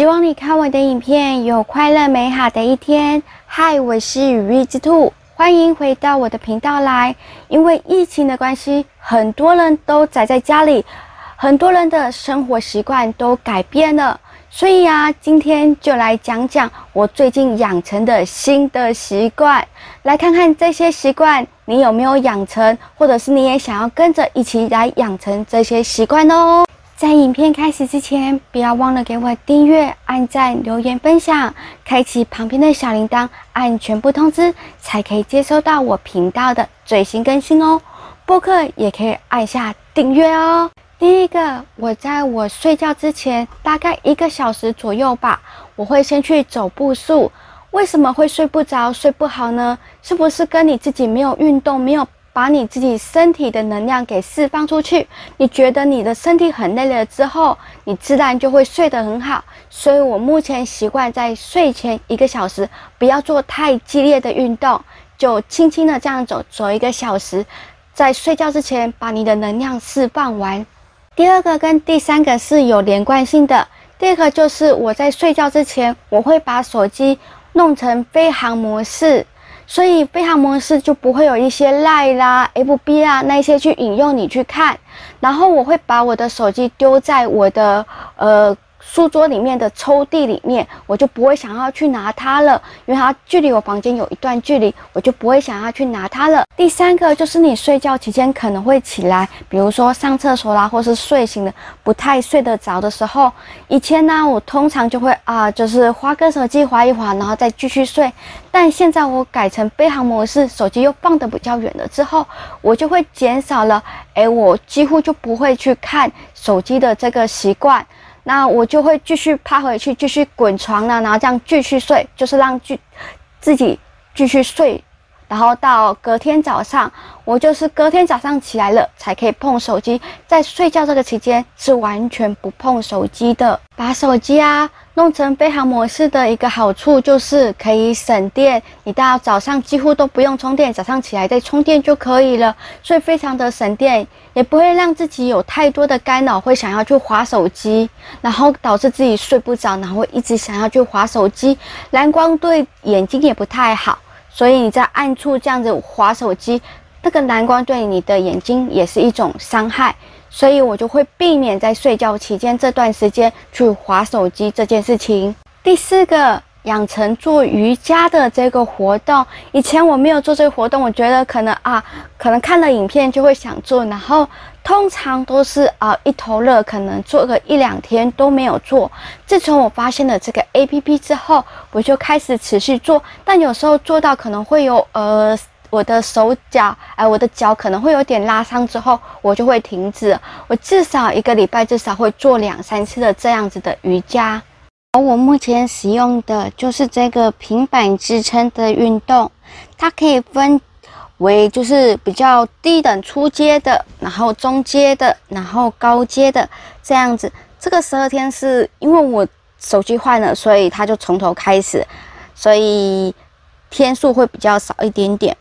希望你看我的影片有快樂美好的一天。嗨，我是羽翼之兔，歡迎回到我的頻道來。因為疫情的關係，很多人都宅在家裡，很多人的生活習慣都改變了。所以啊，今天就來講講我最近養成的新的習慣，來看看這些習慣你有沒有養成，或者是你也想要跟着一起來養成這些習慣哦。在影片開始之前，不要忘了給我訂閱、按讚、留言、分享，開啟旁邊的小鈴鐺，按全部通知，才可以接收到我頻道的最新更新哦。播客也可以按下訂閱哦。第一個，我在我睡覺之前大概一個小時左右吧，我會先去走步數。為什麼會睡不着、睡不好呢？是不是跟你自己沒有運動、沒有把你自己身體的能量給釋放出去。你覺得你的身體很累了之後，你自然就會睡得很好。所以我目前習慣在睡前一個小時不要做太激烈的運動，就輕輕的這樣走走一個小時，在睡覺之前把你的能量釋放完。第二個跟第三個是有連貫性的。第二個就是我在睡覺之前，我會把手機弄成飛航模式。所以飛航模式就不會有一些 LINE 啦、FB 啊那些去引用你去看，然後我會把我的手機丟在我的呃、書桌裡面的抽屜裡面，我就不會想要去拿它了，因為它距離我房間有一段距離，我就不會想要去拿它了。第三個就是你睡覺期間可能會起來，比如說上廁所啦，或是睡醒了不太睡得着的時候，以前呢、啊、我通常就會啊，就是滑個手機滑一滑，然後再繼續睡。但現在我改成飛航模式，手機又放得比較遠了之後，我就會減少了，誒、欸、我幾乎就不會去看手機的這個習慣。那我就會繼續趴回去，繼續滾床單啊，然後這樣繼續睡，就是讓自己繼續睡。然後到隔天早上，我就是隔天早上起來了才可以碰手機，在睡覺這個期間是完全不碰手機的。把手機啊弄成飛航模式的一個好處就是可以省電，你到早上幾乎都不用充電，早上起來再充電就可以了，所以非常的省電，也不會讓自己有太多的干擾，會想要去滑手機，然後導致自己睡不着，然後一直想要去滑手機。藍光對眼睛也不太好。所以你在暗處這樣子滑手機，那個藍光對你的眼睛也是一種傷害，所以我就會避免在睡覺期間這段時間去滑手機這件事情。第四個。養成做瑜伽的這個活動，以前我沒有做這個活動，我覺得可能啊，可能看了影片就會想做，然後通常都是啊一頭熱，可能做個一兩天都沒有做。自從我發現了這個 A P P 之後，我就開始持續做，但有時候做到可能會有呃，我的手腳哎、呃，我的腳可能會有點拉傷，之後我就會停止。我至少一個禮拜至少會做兩三次的這樣子的瑜伽。而我目前使用的就是這個平板支撐的運動，它可以分為就是比較低等初階的，然後中階的，然後高階的這樣子。這個十二天是因為我手機壞了，所以它就從頭開始，所以天數會比較少一點點。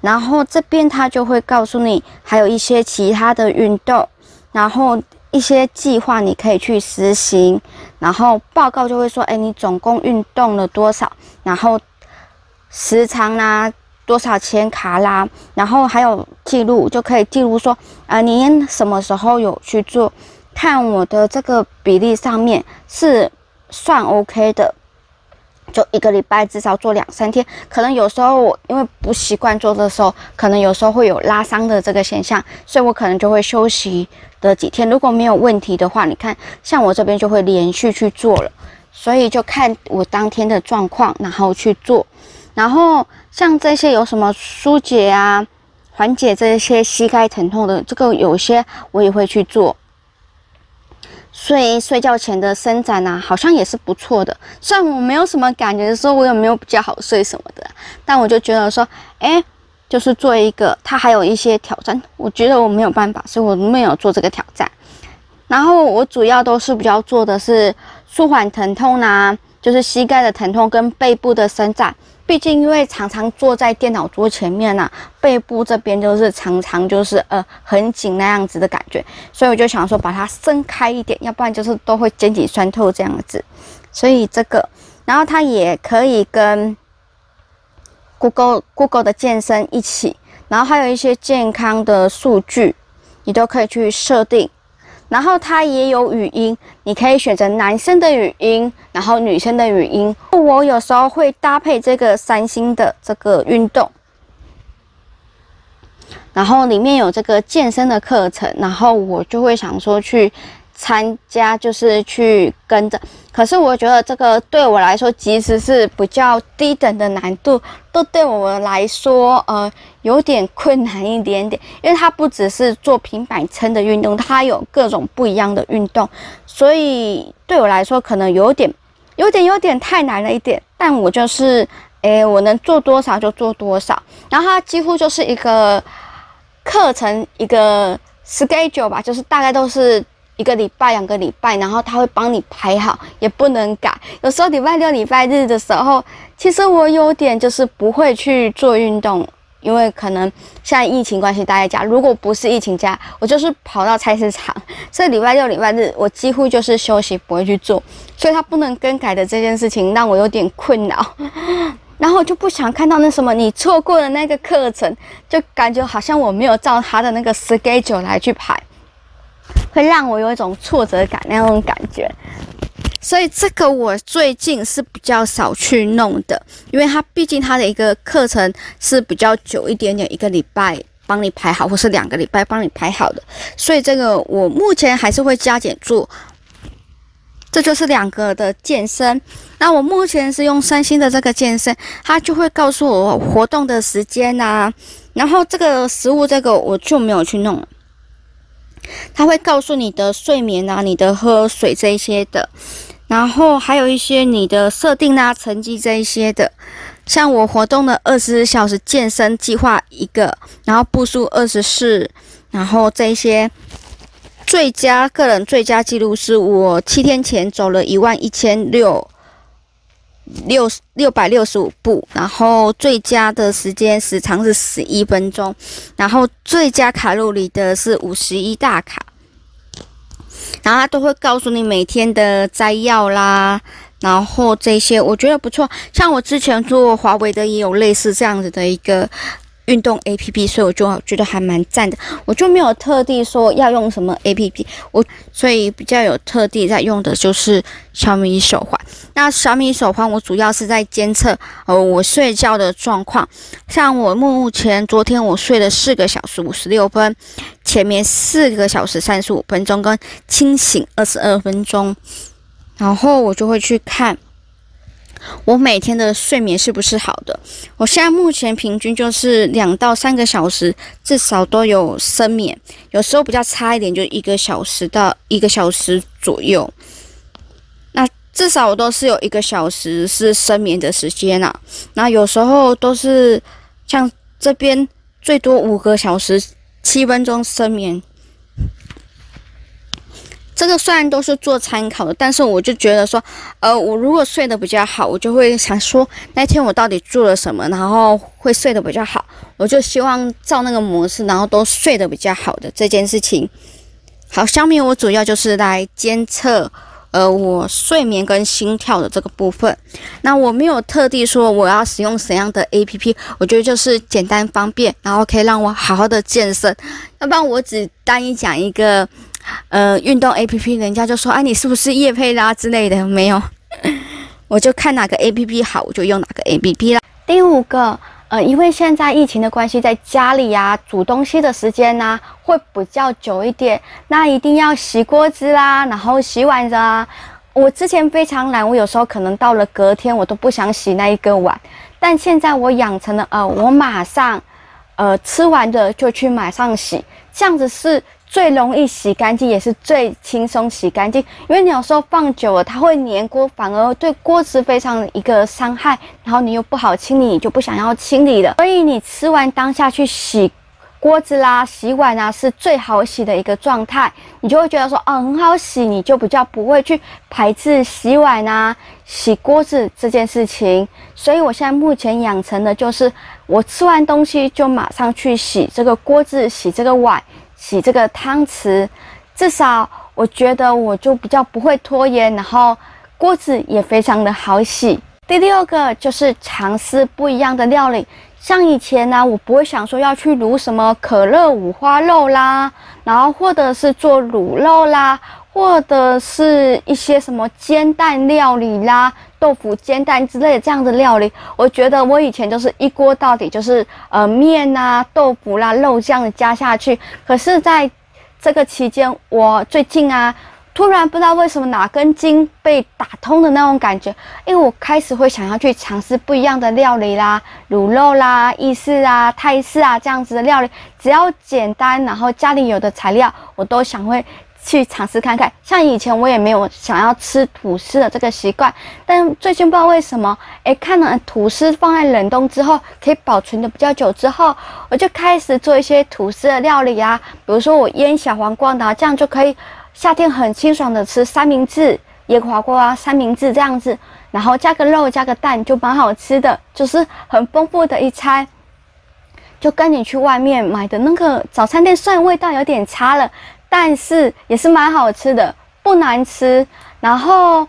然後這邊它就會告訴你還有一些其他的運動，然後一些計劃你可以去實行。然後報告就會說，哎，你總共運動了多少？然後時長啦、啊，多少千卡啦，然後還有記錄就可以記錄說，啊、呃，您什麼時候有去做？看我的這個比例上面是算 OK 的。就一個禮拜至少做兩三天，可能有時候我因為不習慣做的時候，可能有時候會有拉傷的這個現象，所以我可能就會休息的幾天。如果沒有問題的話，你看，像我這邊就會連續去做了，所以就看我當天的狀況，然後去做。然後像這些有什麼疏解啊、緩解這些膝蓋疼痛的，這個有些我也會去做。睡睡覺前的伸展吶、啊，好像也是不錯的。雖然我沒有什麼感覺的時候，我有沒有比較好睡什麼的，但我就覺得說，哎、欸，就是做一個，它還有一些挑戰。我覺得我沒有辦法，所以我沒有做這個挑戰。然後我主要都是比較做的是舒緩疼痛吶、啊。就是膝蓋的疼痛跟背部的伸展，畢竟因為常常坐在電腦桌前面吶、啊，背部這邊就是常常就是呃很緊那樣子的感覺，所以我就想說把它伸開一點，要不然就是都會肩頸痠痛這樣子。所以這個，然後它也可以跟 Google Google 的健身一起，然後還有一些健康的數據，你都可以去設定。然後它也有語音，你可以選擇男生的語音，然後女生的語音。我有時候會搭配這個三星的這個運動，然後裡面有這個健身的課程，然後我就會想說去。參加就是去跟着，可是我覺得這個對我來說，即使是比較低等的難度，都對我來說呃有點困難一點點。因為它不只是做平板撐的運動，它有各種不一樣的運動，所以對我來說可能有點、有點、有點太難了一點。但我就是，哎、欸，我能做多少就做多少。然後它幾乎就是一個課程，一個 schedule 吧，就是大概都是。一個禮拜、兩個禮拜，然後他會幫你排好，也不能改。有時候禮拜六、禮拜日的時候，其實我有點就是不會去做運動，因為可能現在疫情關係大家。如果不是疫情假，我就是跑到菜市場。這禮拜六、禮拜日，我幾乎就是休息，不會去做。所以他不能更改的這件事情，讓我有點困擾，然後就不想看到那什麼你錯過了那個課程，就感覺好像我沒有照他的那個 schedule 來去排。會讓我有一種挫折感，那種感覺。所以這個我最近是比較少去弄的，因為它畢竟它的一個課程是比較久一點點，一個禮拜幫你排好，或是兩個禮拜幫你排好的。所以這個我目前還是會加減做。這就是兩個的健身。那我目前是用三星的這個健身，它就會告訴我活動的時間吶、啊。然後這個食物，這個我就沒有去弄了。它會告訴你的睡眠啊，你的喝水這一些的，然後還有一些你的設定啊，成績這一些的。像我活動的二十四小時健身計劃一個，然後步數二十四，然後這些最佳個人最佳記錄是我七天前走了一萬一千六。六六百六十五步，然後最佳的時間時長是十一分鐘，然後最佳卡路里的是五十一大卡，然後它都會告訴你每天的摘要啦，然後這些我覺得不錯，像我之前做華為的也有類似這樣子的一個。運動 APP，所以我就覺得還蠻讚的。我就沒有特地說要用什麼 APP，我所以比較有特地在用的就是小米手環。那小米手環我主要是在監測呃我睡覺的狀況，像我目前昨天我睡了四個小時五十六分，前面四個小時三十五分鐘跟清醒二十二分鐘，然後我就會去看。我每天的睡眠是不是好的？我現在目前平均就是兩到三個小時，至少都有深眠，有時候比較差一點，就一個小時到一個小時左右。那至少我都是有一個小時是深眠的時間呐、啊。那有時候都是像這邊最多五個小時七分鐘深眠。這個雖然都是做參考的，但是我就覺得說，呃，我如果睡得比較好，我就會想說那天我到底做了什麼，然後會睡得比較好。我就希望照那個模式，然後都睡得比較好的這件事情。好，下面我主要就是來監測，呃，我睡眠跟心跳的這個部分。那我沒有特地說我要使用怎樣的 APP，我覺得就是簡單方便，然後可以讓我好好的健身。要不然我只單一講一個。呃，運動 A P P，人家就說，哎、啊，你是不是業配啦、啊、之類的？沒有， 我就看哪個 A P P 好，我就用哪個 A P P 啦。第五個，呃，因為現在疫情的關係，在家裡呀、啊，煮東西的時間吶、啊，會比較久一點。那一定要洗鍋子啦，然後洗碗子啊。我之前非常懶，我有時候可能到了隔天，我都不想洗那一個碗。但現在我養成了，呃，我馬上，呃，吃完的就去馬上洗，這樣子是。最容易洗乾淨，也是最輕鬆洗乾淨。因為你有時候放久了，它會粘鍋，反而會對鍋子非常一個傷害。然後你又不好清理，你就不想要清理了。所以你吃完當下去洗鍋子啦、洗碗啊，是最好洗的一個狀態。你就會覺得說，啊，很好洗，你就比較不會去排斥洗碗吶、啊、洗鍋子這件事情。所以我現在目前養成的就是，我吃完東西就馬上去洗這個鍋子、洗這個碗。洗這個湯匙，至少我覺得我就比較不會拖延，然後鍋子也非常的好洗。第六個就是嘗試不一樣的料理，像以前呢，我不會想說要去滷什麼可樂五花肉啦，然後或者是做滷肉啦，或者是一些什麼煎蛋料理啦。豆腐煎蛋之類的這樣的料理，我覺得我以前都是一鍋到底，就是呃麵啊、豆腐啦、啊、肉這樣子加下去。可是在這個期間，我最近啊，突然不知道為什麼哪根筋被打通的那種感覺，因為我開始會想要去嘗試不一樣的料理啦，滷肉啦、意式啊、泰式啊這樣子的料理，只要簡單，然後家裡有的材料，我都想會，去嘗試看看，像以前我也沒有想要吃吐司的這個習慣，但最近不知道為什麼，誒、欸，看了吐司放在冷凍之後可以保存的比較久之後，我就開始做一些吐司的料理啊，比如說我醃小黃瓜、啊，這樣就可以夏天很清爽的吃三明治、醃黃瓜三明治這樣子，然後加個肉、加個蛋就蠻好吃的，就是很豐富的一餐。就跟你去外面買的那個早餐店，雖然味道有點差了。但是也是蠻好吃的，不難吃。然後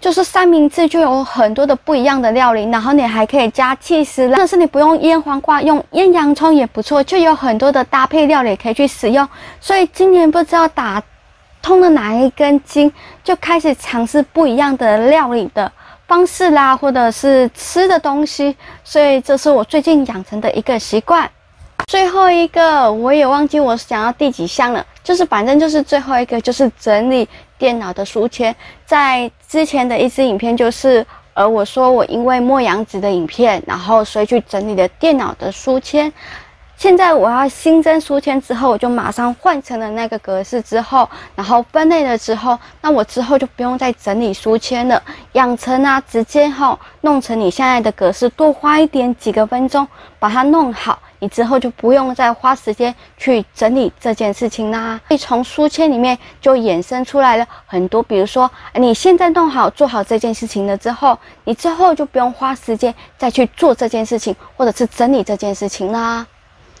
就是三明治就有很多的不一樣的料理，然後你還可以加起司啦。但是你不用醃黃瓜，用醃洋蔥也不錯，就有很多的搭配料理可以去使用。所以今年不知道打通了哪一根筋，就開始嘗試不一樣的料理的方式啦，或者是吃的東西。所以這是我最近養成的一個習慣。最後一個我也忘記我是講到第幾項了。就是，反正就是最後一個，就是整理電腦的書籤。在之前的一支影片，就是，呃，我說我因為莫陽子的影片，然後所以去整理的電腦的書籤。現在我要新增書籤之後，我就馬上換成了那個格式之後，然後分類了之後，那我之後就不用再整理書籤了。養成啊，直接哈弄成你現在的格式，多花一點幾個分鐘把它弄好，你之後就不用再花時間去整理這件事情啦。所以從書籤裡面就衍生出來了很多，比如說你現在弄好做好這件事情了之後，你之後就不用花時間再去做這件事情，或者是整理這件事情啦。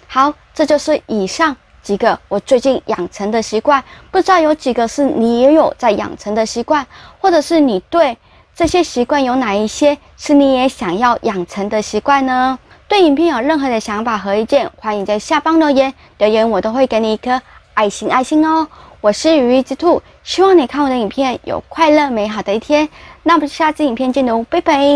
好，這就是以上幾個我最近養成的習慣，不知道有幾個是你也有在養成的習慣，或者是你對這些習慣有哪一些是你也想要養成的習慣呢？對影片有任何的想法和意見，歡迎在下方留言，留言我都會給你一顆愛心，愛心哦。我是羽翼之兔，希望你看我的影片有快樂美好的一天。那我們下支影片見嘍，拜拜。